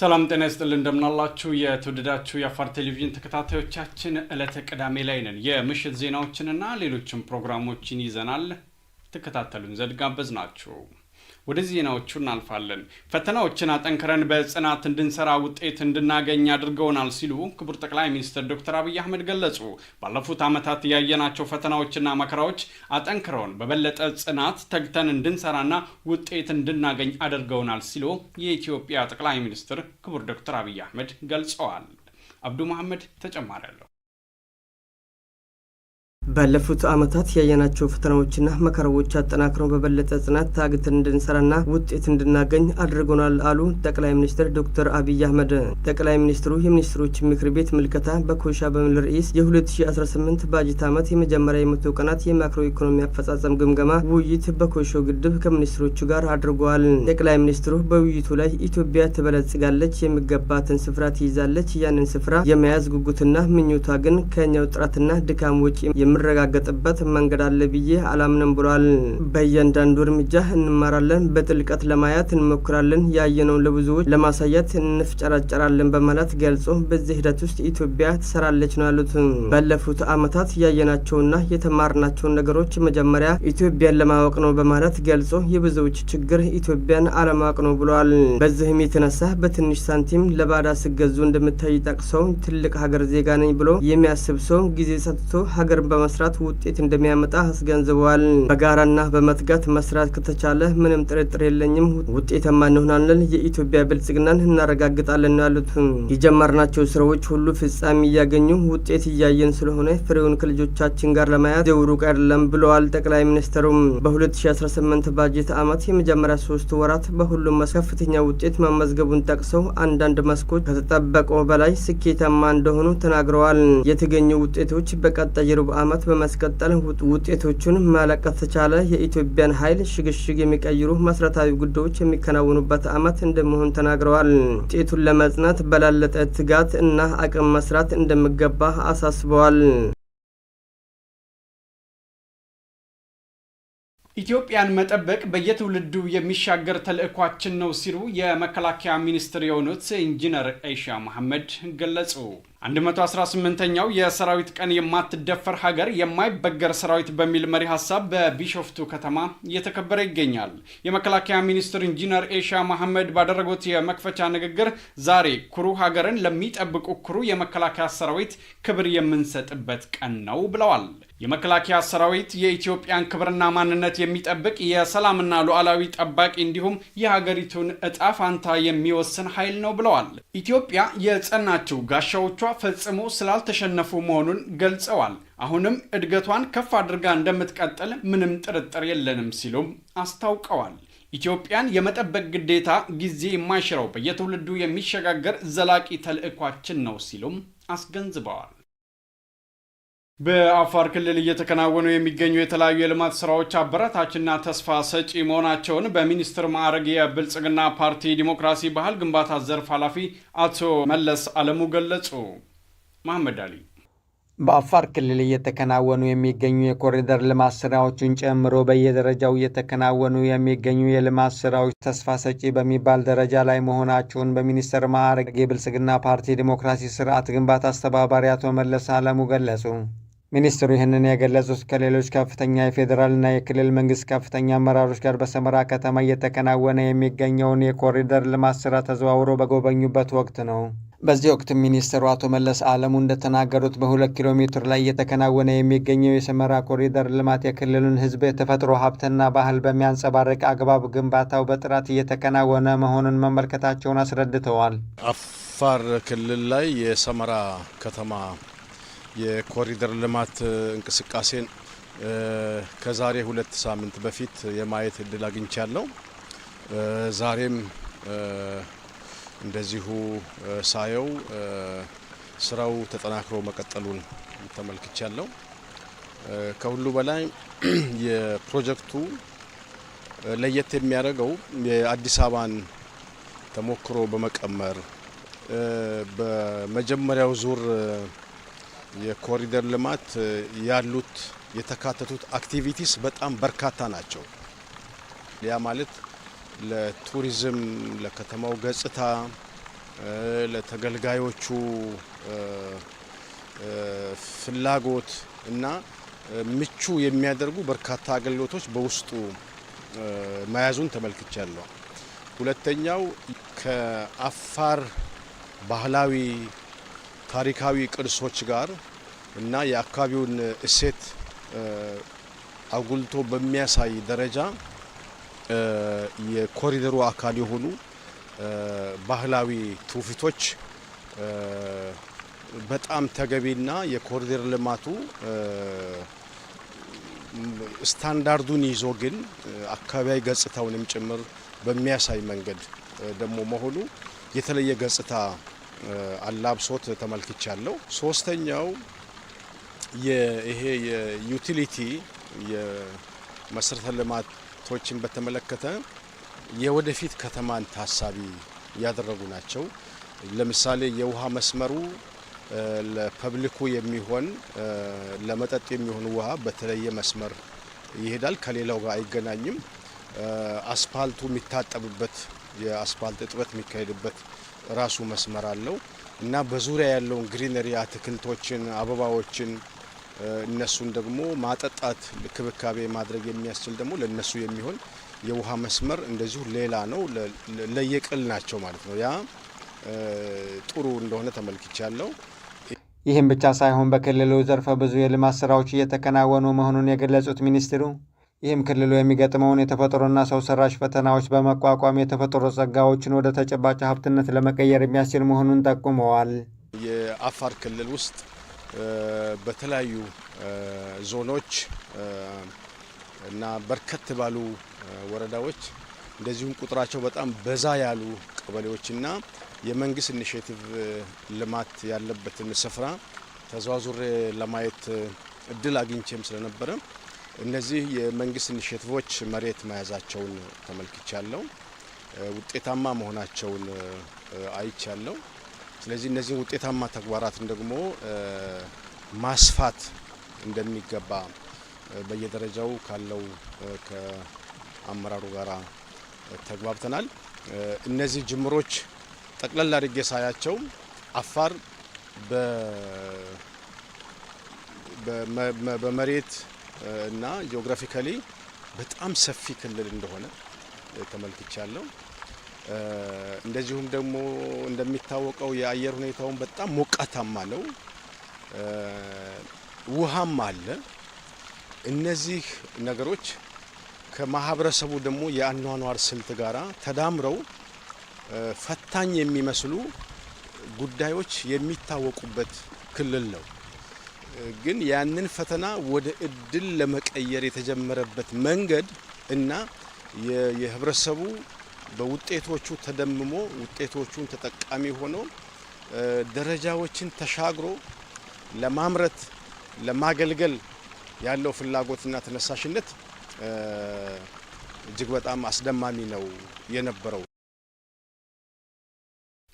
ሰላም ጤና ይስጥል እንደምናላችሁ የተወደዳችሁ የአፋር ቴሌቪዥን ተከታታዮቻችን፣ እለተ ቅዳሜ ላይ ነን። የምሽት ዜናዎችንና ሌሎችም ፕሮግራሞችን ይዘናል። ተከታተሉን ዘድጋበዝ ናችሁ። ወደ ዜናዎቹ እናልፋለን። ፈተናዎችን አጠንክረን በጽናት እንድንሰራ ውጤት እንድናገኝ አድርገውናል ሲሉ ክቡር ጠቅላይ ሚኒስትር ዶክተር አብይ አህመድ ገለጹ። ባለፉት ዓመታት ያየናቸው ፈተናዎችና መከራዎች አጠንክረውን በበለጠ ጽናት ተግተን እንድንሰራና ውጤት እንድናገኝ አድርገውናል ሲሉ የኢትዮጵያ ጠቅላይ ሚኒስትር ክቡር ዶክተር አብይ አህመድ ገልጸዋል። አብዱ መሐመድ ተጨማሪ አለው። ባለፉት ዓመታት ያየናቸው ፈተናዎችና መከራዎች አጠናክረው በበለጠ ጽናት ታግተን እንድንሰራና ውጤት እንድናገኝ አድርጎናል አሉ ጠቅላይ ሚኒስትር ዶክተር አብይ አህመድ። ጠቅላይ ሚኒስትሩ የሚኒስትሮች ምክር ቤት ምልከታ በኮሻ በምል ርዕስ የ2018 ባጀት ዓመት የመጀመሪያ የመቶ ቀናት የማክሮ ኢኮኖሚ አፈጻጸም ግምገማ ውይይት በኮሾ ግድብ ከሚኒስትሮቹ ጋር አድርገዋል። ጠቅላይ ሚኒስትሩ በውይይቱ ላይ ኢትዮጵያ ትበለጽጋለች፣ የሚገባትን ስፍራ ትይዛለች፣ ያንን ስፍራ የመያዝ ጉጉትና ምኞቷ ግን ከኛው ጥረትና ድካም ውጭ የምረጋገጥበት መንገድ አለ ብዬ አላምንም ብሏል። በእያንዳንዱ እርምጃ እንማራለን፣ በጥልቀት ለማየት እንሞክራለን፣ ያየነውን ለብዙዎች ለማሳየት እንፍጨራጨራለን በማለት ገልጾ በዚህ ሂደት ውስጥ ኢትዮጵያ ትሰራለች ነው ያሉት። ባለፉት ዓመታት ያየናቸውና የተማርናቸውን ነገሮች መጀመሪያ ኢትዮጵያን ለማወቅ ነው በማለት ገልጾ የብዙዎች ችግር ኢትዮጵያን አለማወቅ ነው ብሏል። በዚህም የተነሳ በትንሽ ሳንቲም ለባዳ ስገዙ እንደምታይ ጠቅሰው ትልቅ ሀገር ዜጋ ነኝ ብሎ የሚያስብ ሰው ጊዜ ሰጥቶ ሀገርን በ በመስራት ውጤት እንደሚያመጣ አስገንዝበዋል። በጋራና በመትጋት መስራት ከተቻለ ምንም ጥርጥር የለኝም ውጤታማ እንሆናለን፣ የኢትዮጵያ ብልጽግናን እናረጋግጣለን ነው ያሉት። የጀመርናቸው ስራዎች ሁሉ ፍጻሜ እያገኙ ውጤት እያየን ስለሆነ ፍሬውን ከልጆቻችን ጋር ለማያት ዘው አይደለም ብለዋል ጠቅላይ ሚኒስትሩም። በ2018 ባጀት ዓመት የመጀመሪያ ሶስት ወራት በሁሉም መስክ ከፍተኛ ውጤት መመዝገቡን ጠቅሰው አንዳንድ መስኮች ከተጠበቀው በላይ ስኬታማ እንደሆኑ ተናግረዋል። የተገኙ ውጤቶች በቀጣይ ሩብ ዓመት በመስቀጠል ውጤቶቹን መለቀት ተቻለ። የኢትዮጵያን ኃይል ሽግሽግ የሚቀይሩ መሰረታዊ ጉዳዮች የሚከናወኑበት ዓመት እንደመሆን ተናግረዋል። ውጤቱን ለመጽናት በላለጠ ትጋት እና አቅም መስራት እንደሚገባ አሳስበዋል። ኢትዮጵያን መጠበቅ በየትውልዱ የሚሻገር ተልዕኳችን ነው ሲሉ የመከላከያ ሚኒስትር የሆኑት ኢንጂነር ኤሻ መሐመድ ገለጹ። 118ኛው የሰራዊት ቀን የማትደፈር ሀገር የማይበገር ሰራዊት በሚል መሪ ሀሳብ በቢሾፍቱ ከተማ እየተከበረ ይገኛል። የመከላከያ ሚኒስትር ኢንጂነር ኤሻ መሐመድ ባደረጉት የመክፈቻ ንግግር ዛሬ ኩሩ ሀገርን ለሚጠብቁ ኩሩ የመከላከያ ሰራዊት ክብር የምንሰጥበት ቀን ነው ብለዋል። የመከላከያ ሰራዊት የኢትዮጵያን ክብርና ማንነት የሚጠብቅ የሰላምና ሉዓላዊ ጠባቂ እንዲሁም የሀገሪቱን እጣ ፋንታ የሚወስን ኃይል ነው ብለዋል። ኢትዮጵያ የጸናችው ጋሻዎቿ ፈጽሞ ስላልተሸነፉ መሆኑን ገልጸዋል። አሁንም እድገቷን ከፍ አድርጋ እንደምትቀጥል ምንም ጥርጥር የለንም ሲሉም አስታውቀዋል። ኢትዮጵያን የመጠበቅ ግዴታ ጊዜ የማይሽረው በየትውልዱ የሚሸጋገር ዘላቂ ተልዕኳችን ነው ሲሉም አስገንዝበዋል። በአፋር ክልል እየተከናወኑ የሚገኙ የተለያዩ የልማት ስራዎች አበረታችና ተስፋ ሰጪ መሆናቸውን በሚኒስትር ማዕረግ የብልጽግና ፓርቲ ዲሞክራሲ ባህል ግንባታ ዘርፍ ኃላፊ አቶ መለስ አለሙ ገለጹ። መሐመድ አሊ በአፋር ክልል እየተከናወኑ የሚገኙ የኮሪደር ልማት ስራዎችን ጨምሮ በየደረጃው እየተከናወኑ የሚገኙ የልማት ስራዎች ተስፋ ሰጪ በሚባል ደረጃ ላይ መሆናቸውን በሚኒስትር ማዕረግ የብልጽግና ፓርቲ ዲሞክራሲ ስርዓት ግንባታ አስተባባሪ አቶ መለስ አለሙ ገለጹ። ሚኒስትሩ ይህንን የገለጹት ከሌሎች ከፍተኛ የፌዴራልና የክልል መንግስት ከፍተኛ አመራሮች ጋር በሰመራ ከተማ እየተከናወነ የሚገኘውን የኮሪደር ልማት ስራ ተዘዋውሮ በጎበኙበት ወቅት ነው። በዚህ ወቅት ሚኒስትሩ አቶ መለስ አለሙ እንደተናገሩት በሁለት ኪሎ ሜትር ላይ እየተከናወነ የሚገኘው የሰመራ ኮሪደር ልማት የክልሉን ሕዝብ የተፈጥሮ ሀብትና ባህል በሚያንጸባርቅ አግባብ ግንባታው በጥራት እየተከናወነ መሆኑን መመልከታቸውን አስረድተዋል። አፋር ክልል ላይ የሰመራ ከተማ የኮሪደር ልማት እንቅስቃሴን ከዛሬ ሁለት ሳምንት በፊት የማየት እድል አግኝቻለሁ። ዛሬም እንደዚሁ ሳየው ስራው ተጠናክሮ መቀጠሉን ተመልክቻለሁ። ከሁሉ በላይ የፕሮጀክቱ ለየት የሚያደርገው የአዲስ አበባን ተሞክሮ በመቀመር በመጀመሪያው ዙር የኮሪደር ልማት ያሉት የተካተቱት አክቲቪቲስ በጣም በርካታ ናቸው። ያ ማለት ለቱሪዝም፣ ለከተማው ገጽታ፣ ለተገልጋዮቹ ፍላጎት እና ምቹ የሚያደርጉ በርካታ አገልግሎቶች በውስጡ መያዙን ተመልክቻለሁ። ሁለተኛው ከአፋር ባህላዊ ታሪካዊ ቅርሶች ጋር እና የአካባቢውን እሴት አጉልቶ በሚያሳይ ደረጃ የኮሪደሩ አካል የሆኑ ባህላዊ ትውፊቶች በጣም ተገቢና የኮሪደር ልማቱ ስታንዳርዱን ይዞ ግን አካባቢያዊ ገጽታውንም ጭምር በሚያሳይ መንገድ ደግሞ መሆኑ የተለየ ገጽታ አላብሶት ተመልክቻለሁ። ሶስተኛው ይሄ የዩቲሊቲ የመሰረተ ልማቶችን በተመለከተ የወደፊት ከተማን ታሳቢ ያደረጉ ናቸው። ለምሳሌ የውሃ መስመሩ ለፐብሊኩ የሚሆን ለመጠጥ የሚሆን ውሃ በተለየ መስመር ይሄዳል፣ ከሌላው ጋር አይገናኝም። አስፓልቱ የሚታጠብበት የአስፋልት እጥበት የሚካሄድበት ራሱ መስመር አለው እና በዙሪያ ያለውን ግሪነሪ አትክልቶችን፣ አበባዎችን እነሱን ደግሞ ማጠጣት ክብካቤ ማድረግ የሚያስችል ደግሞ ለነሱ የሚሆን የውሃ መስመር እንደዚሁ ሌላ ነው። ለየቅል ናቸው ማለት ነው። ያ ጥሩ እንደሆነ ተመልክቻለሁ። ይህም ብቻ ሳይሆን በክልሉ ዘርፈ ብዙ የልማት ስራዎች እየተከናወኑ መሆኑን የገለጹት ሚኒስትሩ ይህም ክልሉ የሚገጥመውን የተፈጥሮና ሰው ሰራሽ ፈተናዎች በመቋቋም የተፈጥሮ ጸጋዎችን ወደ ተጨባጭ ሀብትነት ለመቀየር የሚያስችል መሆኑን ጠቁመዋል። የአፋር ክልል ውስጥ በተለያዩ ዞኖች እና በርከት ባሉ ወረዳዎች እንደዚሁም ቁጥራቸው በጣም በዛ ያሉ ቀበሌዎችና የመንግስት ኢኒሽቲቭ ልማት ያለበትን ስፍራ ተዘዋዙሬ ለማየት እድል አግኝቼም ስለነበረ እነዚህ የመንግስት ኢኒሼቲቮች መሬት መያዛቸውን ተመልክቻለሁ። ውጤታማ መሆናቸውን አይቻለሁ። ስለዚህ እነዚህ ውጤታማ ተግባራትን ደግሞ ማስፋት እንደሚገባ በየደረጃው ካለው ከአመራሩ ጋር ተግባብተናል። እነዚህ ጅምሮች ጠቅላላ አድርጌ ሳያቸው አፋር በመሬት እና ጂኦግራፊካሊ በጣም ሰፊ ክልል እንደሆነ ተመልክቻለሁ። እንደዚሁም ደግሞ እንደሚታወቀው የአየር ሁኔታውን በጣም ሞቃታማ ነው፣ ውሃም አለ። እነዚህ ነገሮች ከማህበረሰቡ ደግሞ የአኗኗር ስልት ጋራ ተዳምረው ፈታኝ የሚመስሉ ጉዳዮች የሚታወቁበት ክልል ነው። ግን ያንን ፈተና ወደ እድል ለመቀየር የተጀመረበት መንገድ እና የህብረተሰቡ በውጤቶቹ ተደምሞ ውጤቶቹን ተጠቃሚ ሆኖ ደረጃዎችን ተሻግሮ ለማምረት ለማገልገል ያለው ፍላጎትና ተነሳሽነት እጅግ በጣም አስደማሚ ነው የነበረው።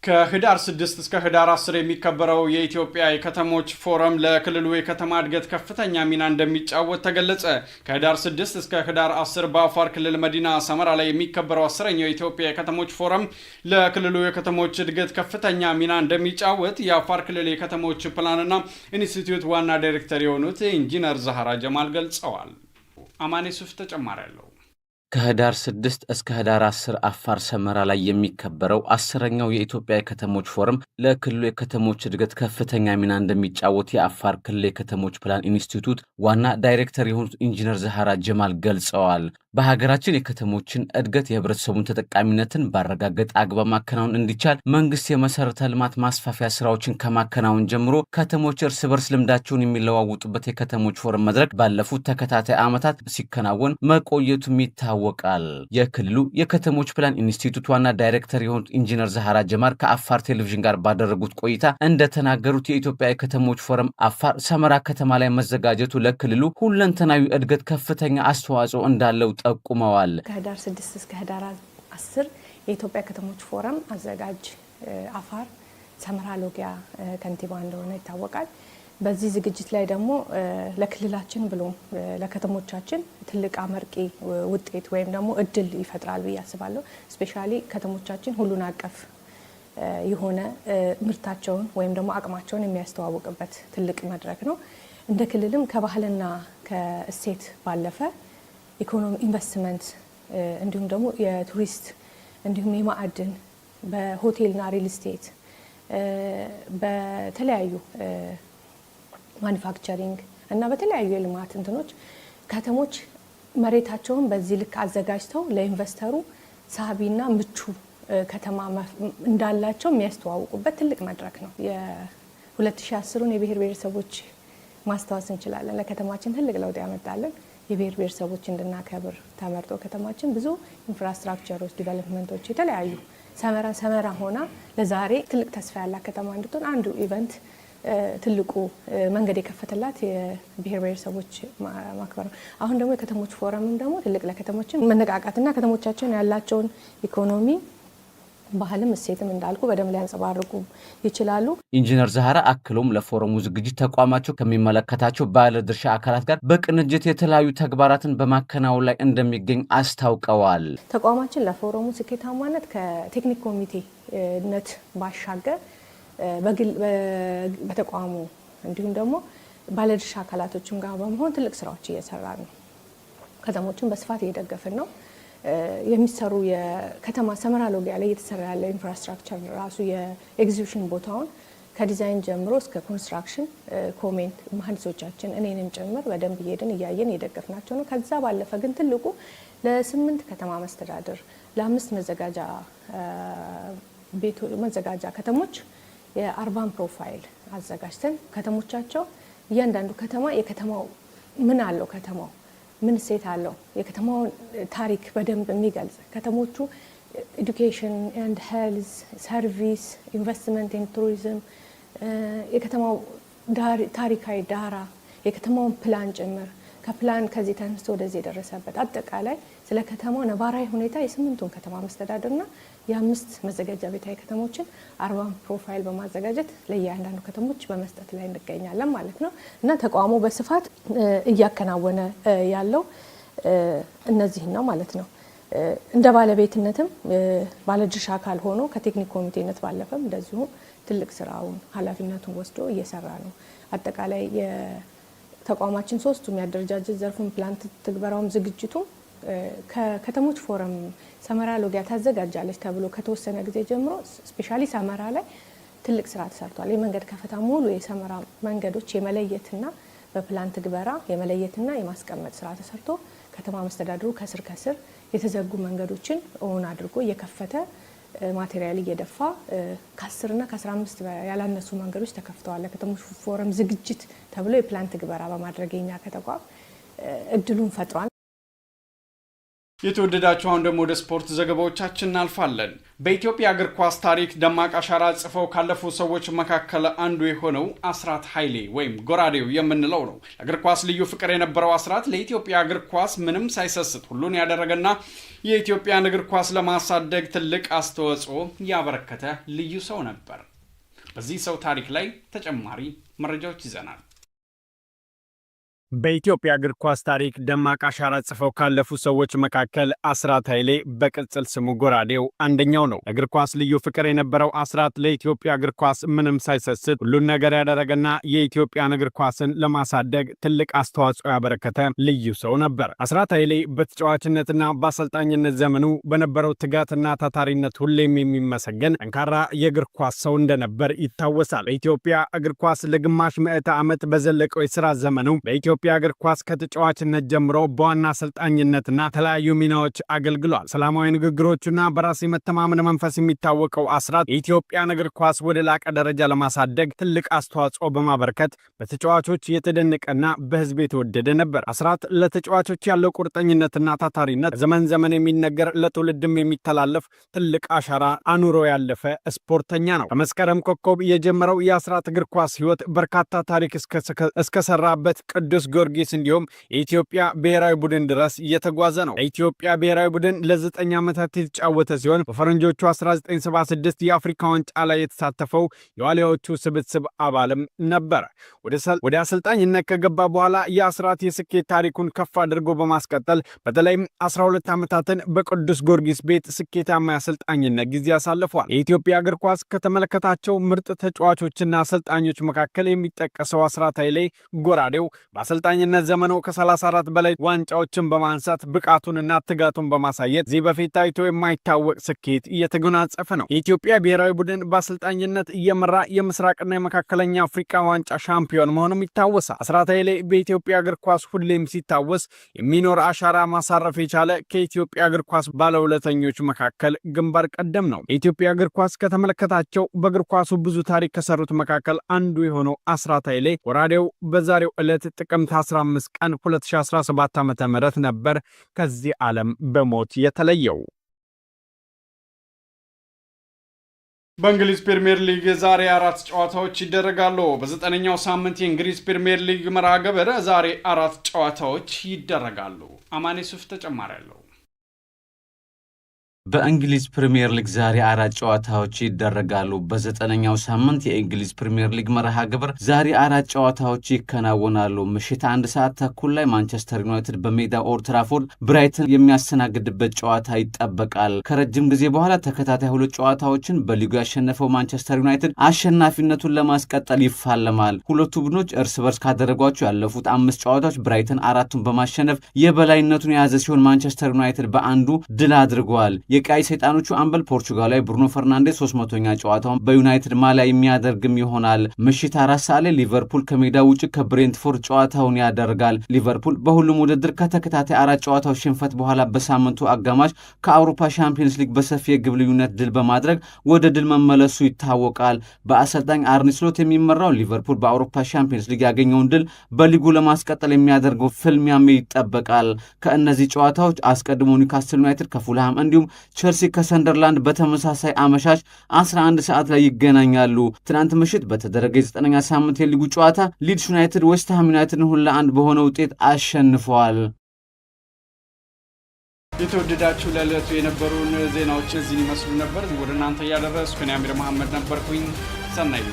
ከህዳር 6 እስከ ህዳር 10 የሚከበረው የኢትዮጵያ የከተሞች ፎረም ለክልሉ የከተማ እድገት ከፍተኛ ሚና እንደሚጫወት ተገለጸ። ከህዳር 6 እስከ ህዳር 10 በአፋር ክልል መዲና ሰመራ ላይ የሚከበረው አስረኛው የኢትዮጵያ የከተሞች ፎረም ለክልሉ የከተሞች እድገት ከፍተኛ ሚና እንደሚጫወት የአፋር ክልል የከተሞች ፕላንና ኢንስቲትዩት ዋና ዳይሬክተር የሆኑት ኢንጂነር ዛህራ ጀማል ገልጸዋል። አማኔ ሱፍ ተጨማሪ ያለው ከህዳር 6 እስከ ህዳር 10 አፋር ሰመራ ላይ የሚከበረው አስረኛው የኢትዮጵያ የከተሞች ፎረም ለክልሉ የከተሞች እድገት ከፍተኛ ሚና እንደሚጫወት የአፋር ክልል የከተሞች ፕላን ኢንስቲቱት ዋና ዳይሬክተር የሆኑት ኢንጂነር ዛሃራ ጀማል ገልጸዋል። በሀገራችን የከተሞችን እድገት የህብረተሰቡን ተጠቃሚነትን ባረጋገጠ አግባብ ማከናወን እንዲቻል መንግስት የመሰረተ ልማት ማስፋፊያ ስራዎችን ከማከናወን ጀምሮ ከተሞች እርስ በርስ ልምዳቸውን የሚለዋውጡበት የከተሞች ፎረም መድረክ ባለፉት ተከታታይ ዓመታት ሲከናወን መቆየቱም ይታወቃል። የክልሉ የከተሞች ፕላን ኢንስቲትዩት ዋና ዳይሬክተር የሆኑት ኢንጂነር ዛሃራ ጀማር ከአፋር ቴሌቪዥን ጋር ባደረጉት ቆይታ እንደተናገሩት የኢትዮጵያ የከተሞች ፎረም አፋር ሰመራ ከተማ ላይ መዘጋጀቱ ለክልሉ ሁለንተናዊ እድገት ከፍተኛ አስተዋጽኦ እንዳለው ጠቁመዋል። ከህዳር 6 እስከ ህዳር 10 የኢትዮጵያ ከተሞች ፎረም አዘጋጅ አፋር ሰመራ ሎጊያ ከንቲባ እንደሆነ ይታወቃል። በዚህ ዝግጅት ላይ ደግሞ ለክልላችን ብሎ ለከተሞቻችን ትልቅ አመርቂ ውጤት ወይም ደግሞ እድል ይፈጥራል ብዬ አስባለሁ። ስፔሻሊ ከተሞቻችን ሁሉን አቀፍ የሆነ ምርታቸውን ወይም ደግሞ አቅማቸውን የሚያስተዋውቅበት ትልቅ መድረክ ነው። እንደ ክልልም ከባህልና ከእሴት ባለፈ ኢኮኖሚ ኢንቨስትመንት እንዲሁም ደግሞ የቱሪስት እንዲሁም የማዕድን በሆቴልና ሪል ስቴት በተለያዩ ማኒፋክቸሪንግ እና በተለያዩ የልማት እንትኖች ከተሞች መሬታቸውን በዚህ ልክ አዘጋጅተው ለኢንቨስተሩ ሳቢና ምቹ ከተማ እንዳላቸው የሚያስተዋውቁበት ትልቅ መድረክ ነው። የ2010ን የብሔር ብሔረሰቦች ማስታወስ እንችላለን። ለከተማችን ትልቅ ለውጥ ያመጣለን። የብሔር ብሔረሰቦች እንድናከብር ተመርጦ ከተማችን ብዙ ኢንፍራስትራክቸሮች፣ ዲቨሎፕመንቶች የተለያዩ ሰመራ ሰመራ ሆና ለዛሬ ትልቅ ተስፋ ያላት ከተማ እንድትሆን አንዱ ኢቨንት ትልቁ መንገድ የከፈተላት የብሔር ብሔረሰቦች ማክበር ነው። አሁን ደግሞ የከተሞች ፎረምም ደግሞ ትልቅ ለከተሞችን መነቃቃትና ከተሞቻችን ያላቸውን ኢኮኖሚ ባህልም እሴትም እንዳልኩ በደንብ ሊያንጸባርቁ ይችላሉ። ኢንጂነር ዛህራ አክሎም ለፎረሙ ዝግጅት ተቋማቸው ከሚመለከታቸው ባለድርሻ አካላት ጋር በቅንጅት የተለያዩ ተግባራትን በማከናወን ላይ እንደሚገኝ አስታውቀዋል። ተቋማችን ለፎረሙ ስኬታማነት ከቴክኒክ ኮሚቴነት ባሻገር በተቋሙ እንዲሁም ደግሞ ባለድርሻ አካላቶችም ጋር በመሆን ትልቅ ስራዎች እየሰራ ነው። ከተሞችን በስፋት እየደገፍን ነው። የሚሰሩ የከተማ ሰመራ ሎጊያ ላይ እየተሰራ ያለ ኢንፍራስትራክቸር ራሱ የኤግዚቢሽን ቦታውን ከዲዛይን ጀምሮ እስከ ኮንስትራክሽን ኮሜንት መሀንዲሶቻችን እኔንም ጭምር በደንብ እየሄድን እያየን እየደገፍናቸው ነው። ከዛ ባለፈ ግን ትልቁ ለስምንት ከተማ መስተዳድር ለአምስት መዘጋጃ ቤቶ መዘጋጃ ከተሞች የአርባን ፕሮፋይል አዘጋጅተን ከተሞቻቸው እያንዳንዱ ከተማ የከተማው ምን አለው ከተማው ምን ሴት አለው የከተማውን ታሪክ በደንብ የሚገልጽ ከተሞቹ ኤዱኬሽን ኤንድ ሄልዝ ሰርቪስ ኢንቨስትመንት ኤንድ ቱሪዝም የከተማው ታሪካዊ ዳራ የከተማውን ፕላን ጭምር ከፕላን ከዚህ ተነስቶ ወደዚህ የደረሰበት አጠቃላይ ስለ ከተማው ነባራዊ ሁኔታ የስምንቱን ከተማ መስተዳድርና የአምስት መዘጋጃ ቤታዊ ከተሞችን አርባን ፕሮፋይል በማዘጋጀት ለእያንዳንዱ ከተሞች በመስጠት ላይ እንገኛለን ማለት ነው እና ተቋሙ በስፋት እያከናወነ ያለው እነዚህን ነው ማለት ነው። እንደ ባለቤትነትም ባለድርሻ አካል ሆኖ ከቴክኒክ ኮሚቴነት ባለፈም እንደዚሁም ትልቅ ስራውን ኃላፊነቱን ወስዶ እየሰራ ነው። አጠቃላይ የተቋማችን ሶስቱም የአደረጃጀት ዘርፉን ፕላንት ትግበራውም ዝግጅቱም ከከተሞች ፎረም ሰመራ ሎጊያ ታዘጋጃለች ተብሎ ከተወሰነ ጊዜ ጀምሮ ስፔሻሊ ሰመራ ላይ ትልቅ ስራ ተሰርቷል። የመንገድ ከፈታ ሙሉ የሰመራ መንገዶች የመለየትና በፕላን ትግበራ የመለየትና የማስቀመጥ ስራ ተሰርቶ ከተማ መስተዳድሩ ከስር ከስር የተዘጉ መንገዶችን እውን አድርጎ እየከፈተ ማቴሪያል እየደፋ ከአስርና ከአስራ አምስት ያላነሱ መንገዶች ተከፍተዋል። ለከተሞች ፎረም ዝግጅት ተብሎ የፕላን ትግበራ በማድረግ የኛ ከተቋም እድሉን ፈጥሯል። የተወደዳችሁ አሁን ደግሞ ወደ ስፖርት ዘገባዎቻችን እናልፋለን። በኢትዮጵያ እግር ኳስ ታሪክ ደማቅ አሻራ ጽፈው ካለፉ ሰዎች መካከል አንዱ የሆነው አስራት ኃይሌ ወይም ጎራዴው የምንለው ነው። ለእግር ኳስ ልዩ ፍቅር የነበረው አስራት ለኢትዮጵያ እግር ኳስ ምንም ሳይሰስት ሁሉን ያደረገና የኢትዮጵያን እግር ኳስ ለማሳደግ ትልቅ አስተዋጽኦ ያበረከተ ልዩ ሰው ነበር። በዚህ ሰው ታሪክ ላይ ተጨማሪ መረጃዎች ይዘናል። በኢትዮጵያ እግር ኳስ ታሪክ ደማቅ አሻራ ጽፈው ካለፉ ሰዎች መካከል አስራት ኃይሌ በቅጽል ስሙ ጎራዴው አንደኛው ነው። እግር ኳስ ልዩ ፍቅር የነበረው አስራት ለኢትዮጵያ እግር ኳስ ምንም ሳይሰስት ሁሉን ነገር ያደረገና የኢትዮጵያን እግር ኳስን ለማሳደግ ትልቅ አስተዋጽኦ ያበረከተ ልዩ ሰው ነበር። አስራት ኃይሌ በተጫዋችነትና በአሰልጣኝነት ዘመኑ በነበረው ትጋትና ታታሪነት ሁሌም የሚመሰገን ጠንካራ የእግር ኳስ ሰው እንደነበር ይታወሳል። በኢትዮጵያ እግር ኳስ ለግማሽ ምዕተ ዓመት በዘለቀው የሥራ ዘመኑ በኢትዮጵያ እግር ኳስ ከተጫዋችነት ጀምሮ በዋና አሰልጣኝነትና ተለያዩ ሚናዎች አገልግሏል። ሰላማዊ ንግግሮቹና በራስ የመተማመን መንፈስ የሚታወቀው አስራት የኢትዮጵያን እግር ኳስ ወደ ላቀ ደረጃ ለማሳደግ ትልቅ አስተዋጽኦ በማበርከት በተጫዋቾች የተደነቀና በህዝብ የተወደደ ነበር። አስራት ለተጫዋቾች ያለው ቁርጠኝነትና ታታሪነት ዘመን ዘመን የሚነገር ለትውልድም የሚተላለፍ ትልቅ አሻራ አኑሮ ያለፈ ስፖርተኛ ነው። ከመስከረም ኮከብ የጀመረው የአስራት እግር ኳስ ሕይወት በርካታ ታሪክ እስከሰራበት ቅዱስ ቅዱስ ጊዮርጊስ እንዲሁም የኢትዮጵያ ብሔራዊ ቡድን ድረስ እየተጓዘ ነው። ለኢትዮጵያ ብሔራዊ ቡድን ለዘጠኝ ዓመታት የተጫወተ ሲሆን በፈረንጆቹ 1976 የአፍሪካ ዋንጫ ላይ የተሳተፈው የዋሊያዎቹ ስብስብ አባልም ነበር ወደ አሰልጣኝነት ከገባ በኋላ የአስራት የስኬት ታሪኩን ከፍ አድርጎ በማስቀጠል በተለይም 12 ዓመታትን በቅዱስ ጊዮርጊስ ቤት ስኬታማ የአሰልጣኝነት ጊዜ አሳልፏል። የኢትዮጵያ እግር ኳስ ከተመለከታቸው ምርጥ ተጫዋቾችና አሰልጣኞች መካከል የሚጠቀሰው አስራት ኃይሌ ጎራዴው በአሰልጣ በአሰልጣኝነት ዘመኖ ከ34 በላይ ዋንጫዎችን በማንሳት ብቃቱንና ትጋቱን በማሳየት እዚህ በፊት ታይቶ የማይታወቅ ስኬት እየተጎናጸፈ ነው። የኢትዮጵያ ብሔራዊ ቡድን በአሰልጣኝነት እየመራ የምስራቅና የመካከለኛ አፍሪካ ዋንጫ ሻምፒዮን መሆኑም ይታወሳል። አስራት ኃይሌ በኢትዮጵያ እግር ኳስ ሁሌም ሲታወስ የሚኖር አሻራ ማሳረፍ የቻለ ከኢትዮጵያ እግር ኳስ ባለውለተኞች መካከል ግንባር ቀደም ነው። የኢትዮጵያ እግር ኳስ ከተመለከታቸው በእግር ኳሱ ብዙ ታሪክ ከሰሩት መካከል አንዱ የሆነው አስራት ኃይሌ ወራዴው በዛሬው ዕለት ጥቅም ጥቅምት 15 ቀን 2017 .ምት ነበር ከዚህ ዓለም በሞት የተለየው። በእንግሊዝ ፕሪምየር ሊግ ዛሬ አራት ጨዋታዎች ይደረጋሉ። በዘጠነኛው ሳምንት የእንግሊዝ ፕሪምየር ሊግ መርሃ ግብር ዛሬ አራት ጨዋታዎች ይደረጋሉ። አማኔ ሱፍ ተጨማሪ ያለው በእንግሊዝ ፕሪምየር ሊግ ዛሬ አራት ጨዋታዎች ይደረጋሉ። በዘጠነኛው ሳምንት የእንግሊዝ ፕሪምየር ሊግ መርሃ ግብር ዛሬ አራት ጨዋታዎች ይከናወናሉ። ምሽት አንድ ሰዓት ተኩል ላይ ማንቸስተር ዩናይትድ በሜዳ ኦልድ ብራይተን የሚያስተናግድበት ጨዋታ ይጠበቃል። ከረጅም ጊዜ በኋላ ተከታታይ ሁለት ጨዋታዎችን በሊጉ ያሸነፈው ማንቸስተር ዩናይትድ አሸናፊነቱን ለማስቀጠል ይፋለማል። ሁለቱ ቡድኖች እርስ በርስ ካደረጓቸው ያለፉት አምስት ጨዋታዎች ብራይተን አራቱን በማሸነፍ የበላይነቱን የያዘ ሲሆን ማንቸስተር ዩናይትድ በአንዱ ድል አድርጓል። የቀይ ሰይጣኖቹ አምበል ፖርቹጋላዊ ብሩኖ ፈርናንዴስ 300ኛ ጨዋታውን በዩናይትድ ማሊያ የሚያደርግም ይሆናል። ምሽት አራት ሰዓት ላይ ሊቨርፑል ከሜዳ ውጭ ከብሬንትፎርድ ጨዋታውን ያደርጋል። ሊቨርፑል በሁሉም ውድድር ከተከታታይ አራት ጨዋታዎች ሽንፈት በኋላ በሳምንቱ አጋማሽ ከአውሮፓ ሻምፒየንስ ሊግ በሰፊ የግብ ልዩነት ድል በማድረግ ወደ ድል መመለሱ ይታወቃል። በአሰልጣኝ አርኒስሎት ስሎት የሚመራው ሊቨርፑል በአውሮፓ ሻምፒየንስ ሊግ ያገኘውን ድል በሊጉ ለማስቀጠል የሚያደርገው ፍልሚያም ይጠበቃል። ከእነዚህ ጨዋታዎች አስቀድሞ ኒውካስትል ዩናይትድ ከፉልሃም እንዲሁም ቸልሲ ከሰንደርላንድ በተመሳሳይ አመሻሽ 11 ሰዓት ላይ ይገናኛሉ። ትናንት ምሽት በተደረገ የዘጠነኛ ሳምንት የሊጉ ጨዋታ ሊድስ ዩናይትድ ዌስትሃም ዩናይትድን ሁለት ለአንድ በሆነ ውጤት አሸንፈዋል። የተወደዳችሁ ለዕለቱ የነበሩን ዜናዎች እዚህን ይመስሉ ነበር። ወደ እናንተ እያደረስኩ አሚር መሐመድ ነበርኩኝ። ሰናይ